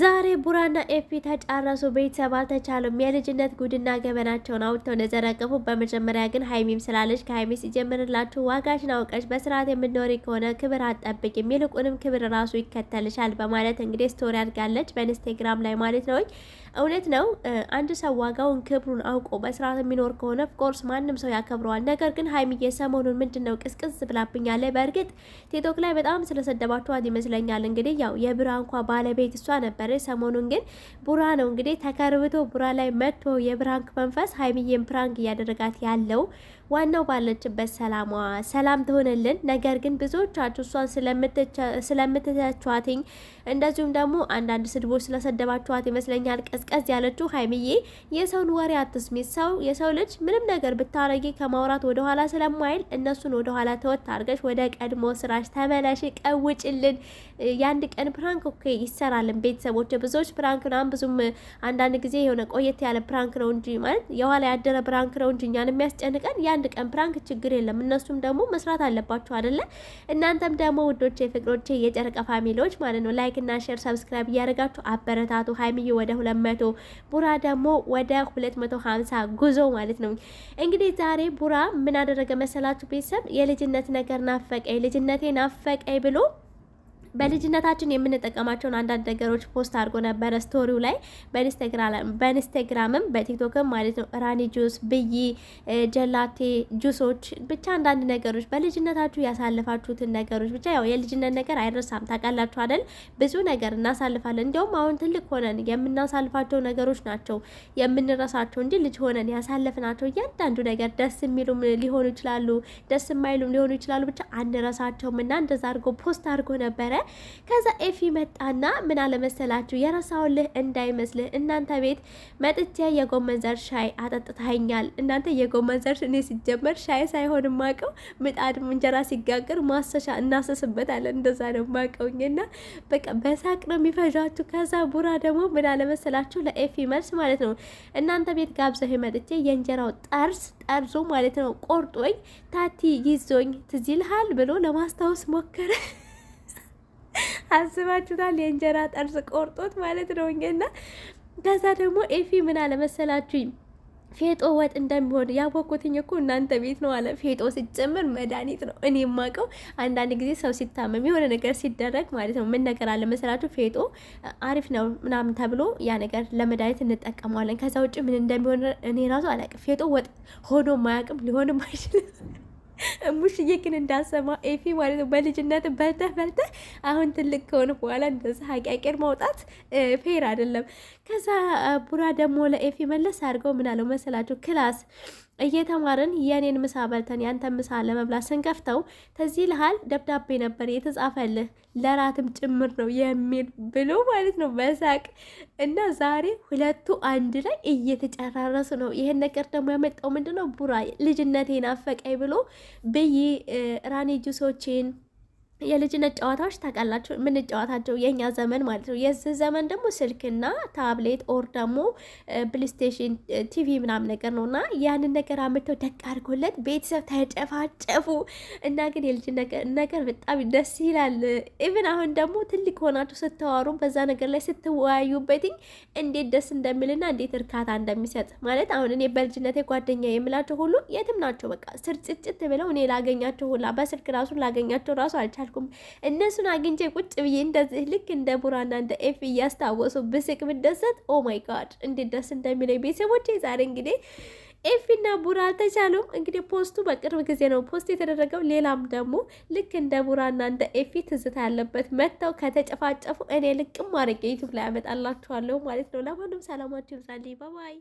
ዛሬ ቡራና ኤፊ ተጫረሱ። ቤተሰብ አልተቻሉም። የልጅነት ጉድና ገበናቸውን አውጥተው ነዘረቀፉ። በመጀመሪያ ግን ሀይሚም ስላለች ከሀይሚ ሲጀምርላችሁ ዋጋሽን አውቀሽ በስርዓት የምንኖሪ ከሆነ ክብር አትጠብቂም፣ ይልቁንም ክብር ራሱ ይከተልሻል በማለት እንግዲህ ስቶሪ አድጋለች በኢንስቴግራም ላይ ማለት ነው። እውነት ነው። አንድ ሰው ዋጋውን ክብሩን አውቆ በስርዓት የሚኖር ከሆነ ኦፍኮርስ ማንም ሰው ያከብረዋል። ነገር ግን ሀይሚ የሰሞኑን ምንድን ነው ቅስቅስ ብላብኛለ። በእርግጥ ቲክቶክ ላይ በጣም ስለሰደባችኋት ይመስለኛል። እንግዲህ ያው የብራ እንኳ ባለቤት እሷ ነበር ነበር። ሰሞኑን ግን ቡራ ነው እንግዲህ ተከርብቶ ቡራ ላይ መጥቶ የብራንክ መንፈስ ሀይሚዬን ፕራንክ እያደረጋት ያለው ዋናው ባለችበት ሰላሟ ሰላም ትሆንልን። ነገር ግን ብዙዎቻችሁ እሷን ስለምትተቿትኝ እንደዚሁም ደግሞ አንዳንድ ስድቦች ስለሰደባችኋት ይመስለኛል ቀዝቀዝ ያለችው ሀይምዬ የሰውን ወሬ አትስሚ። ሰው የሰው ልጅ ምንም ነገር ብታረጊ ከማውራት ወደኋላ ስለማይል እነሱን ወደኋላ ተወት አድርገሽ ወደ ቀድሞ ስራሽ ተመለሽ። ቀውጭልን። የአንድ ቀን ፕራንክ እኮ ይሰራልን። ቤተሰቦች ብዙዎች ፕራንክ ናም ብዙም አንዳንድ ጊዜ የሆነ ቆየት ያለ ፕራንክ ነው እንጂ ማለት የኋላ ያደረ ፕራንክ ነው እንጂ እኛን የሚያስጨንቀን የአንድ ቀን ፕራንክ ችግር የለም። እነሱም ደግሞ መስራት አለባችሁ አደለ? እናንተም ደግሞ ውዶቼ፣ ፍቅሮቼ፣ የጨረቀ ፋሚሊዎች ማለት ነው ላይክ እና ሼር ሰብስክራይብ እያደረጋችሁ አበረታቱ። ሀይሚዬ ወደ ሁለት መቶ ቡራ ደግሞ ወደ ሁለት መቶ ሀምሳ ጉዞ ማለት ነው። እንግዲህ ዛሬ ቡራ ምን አደረገ መሰላችሁ? ቤተሰብ የልጅነት ነገር ናፈቀኝ፣ ልጅነቴ ናፈቀኝ ብሎ በልጅነታችን የምንጠቀማቸውን አንዳንድ ነገሮች ፖስት አድርጎ ነበረ ስቶሪው ላይ በኢንስታግራምም በቲክቶክም ማለት ነው። ራኒ ጁስ፣ ብይ፣ ጀላቴ ጁሶች፣ ብቻ አንዳንድ ነገሮች በልጅነታችሁ ያሳለፋችሁትን ነገሮች ብቻ ያው የልጅነት ነገር አይረሳም። ታውቃላችሁ አይደል? ብዙ ነገር እናሳልፋለን። እንዲያውም አሁን ትልቅ ሆነን የምናሳልፋቸው ነገሮች ናቸው የምንረሳቸው እንጂ ልጅ ሆነን ያሳለፍናቸው እያንዳንዱ ነገር ደስ የሚሉም ሊሆኑ ይችላሉ፣ ደስ የማይሉም ሊሆኑ ይችላሉ። ብቻ አንረሳቸውም እና እንደዛ አድርጎ ፖስት አድርጎ ነበረ ከዛ ኤፊ መጣና ምን አለመሰላችሁ የረሳውልህ እንዳይመስልህ እናንተ ቤት መጥቼ የጎመን ዘር ሻይ አጠጥታኛል። እናንተ የጎመን ዘር እኔ ሲጀመር ሻይ ሳይሆን ማቀው ምጣድ እንጀራ ሲጋገር ማሰሻ እናሰስበታለን። እንደዛ ነው ማቀውኝና በቃ በሳቅ ነው የሚፈዣችሁ። ከዛ ቡራ ደግሞ ምን አለመሰላችሁ ለኤፊ መልስ ማለት ነው እናንተ ቤት ጋብዘህ መጥቼ የእንጀራው ጠርስ ጠርዞ ማለት ነው ቆርጦኝ ታቲ ይዞኝ ትዝ ይልሃል ብሎ ለማስታወስ ሞከረ። አስባችሁታል? የእንጀራ ጠርዝ ቆርጦት ማለት ነው። እና ከዛ ደግሞ ኤፊ ምን አለመሰላችሁኝ ፌጦ ወጥ እንደሚሆን ያወቅኩትኝ እኮ እናንተ ቤት ነው አለ። ፌጦ ሲጨምር መድኃኒት ነው። እኔ የማውቀው አንዳንድ ጊዜ ሰው ሲታመም የሆነ ነገር ሲደረግ ማለት ነው ምን ነገር አለ መሰላችሁ ፌጦ አሪፍ ነው ምናምን ተብሎ ያ ነገር ለመድኃኒት እንጠቀመዋለን። ከዛ ውጭ ምን እንደሚሆን እኔ ራሱ አላውቅም። ፌጦ ወጥ ሆኖ ማያውቅም ሊሆንም አይችልም። እሙሽዬ ግን እንዳሰማ ኤፊ ማለት ነው። በልጅነት በልተህ በልተህ አሁን ትልቅ ከሆነ በኋላ እንደዛ ሀቂያቄር ማውጣት ፌር አይደለም። ከዛ ቡራ ደግሞ ለኤፊ መለስ አድርገው ምናለው አለው መሰላችሁ ክላስ እየተማርን የኔን ምሳ በልተን ያንተ ምሳ ለመብላት ስንከፍተው ተዚህ ልሃል ደብዳቤ ነበር የተጻፈልህ ለራትም ጭምር ነው የሚል ብሎ ማለት ነው በሳቅ እና ዛሬ ሁለቱ አንድ ላይ እየተጨራረሱ ነው። ይህን ነገር ደግሞ ያመጣው ምንድነው ቡራ ልጅነቴን አፈቀኝ ብሎ ብይ ራኔ ጁሶችን የልጅነት ጨዋታዎች ታውቃላችሁ፣ የምንጨዋታቸው የእኛ ዘመን ማለት ነው። የዚህ ዘመን ደግሞ ስልክና ታብሌት ኦር ደግሞ ፕሌስቴሽን ቲቪ ምናምን ነገር ነው እና ያንን ነገር አምርተው ደቅ አድርጎለት ቤተሰብ ተጨፋጨፉ እና ግን የልጅ ነገር በጣም ደስ ይላል። ኢቭን አሁን ደግሞ ትልቅ ሆናችሁ ስተዋሩ በዛ ነገር ላይ ስትወያዩበትኝ እንዴት ደስ እንደሚልና እንዴት እርካታ እንደሚሰጥ ማለት አሁን እኔ በልጅነቴ ጓደኛ የምላቸው ሁሉ የትም ናቸው። በቃ ስርጭጭት ብለው እኔ ላገኛቸው ሁላ በስልክ ራሱ ላገኛቸው ራሱ አልቻልኩም። አልቻልኩም። እነሱን አግኝቼ ቁጭ ብዬ እንደዚህ ልክ እንደ ቡራና እንደ ኤፍ እያስታወሱ ብስቅ ብደሰት ኦ ማይ ጋድ እንዴት ደስ እንደሚለኝ ቤተሰቦቼ። ዛሬ እንግዲህ ኤፊና ቡራ አልተቻሉም። እንግዲህ ፖስቱ በቅርብ ጊዜ ነው ፖስት የተደረገው። ሌላም ደግሞ ልክ እንደ ቡራና እንደ ኤፊ ትዝታ ያለበት መጥተው ከተጨፋጨፉ እኔ ልቅም አድርጌ ዩቱብ ላይ ያመጣላችኋለሁ ማለት ነው። ለማንም ሰላማችሁ ይብዛልኝ። ባባይ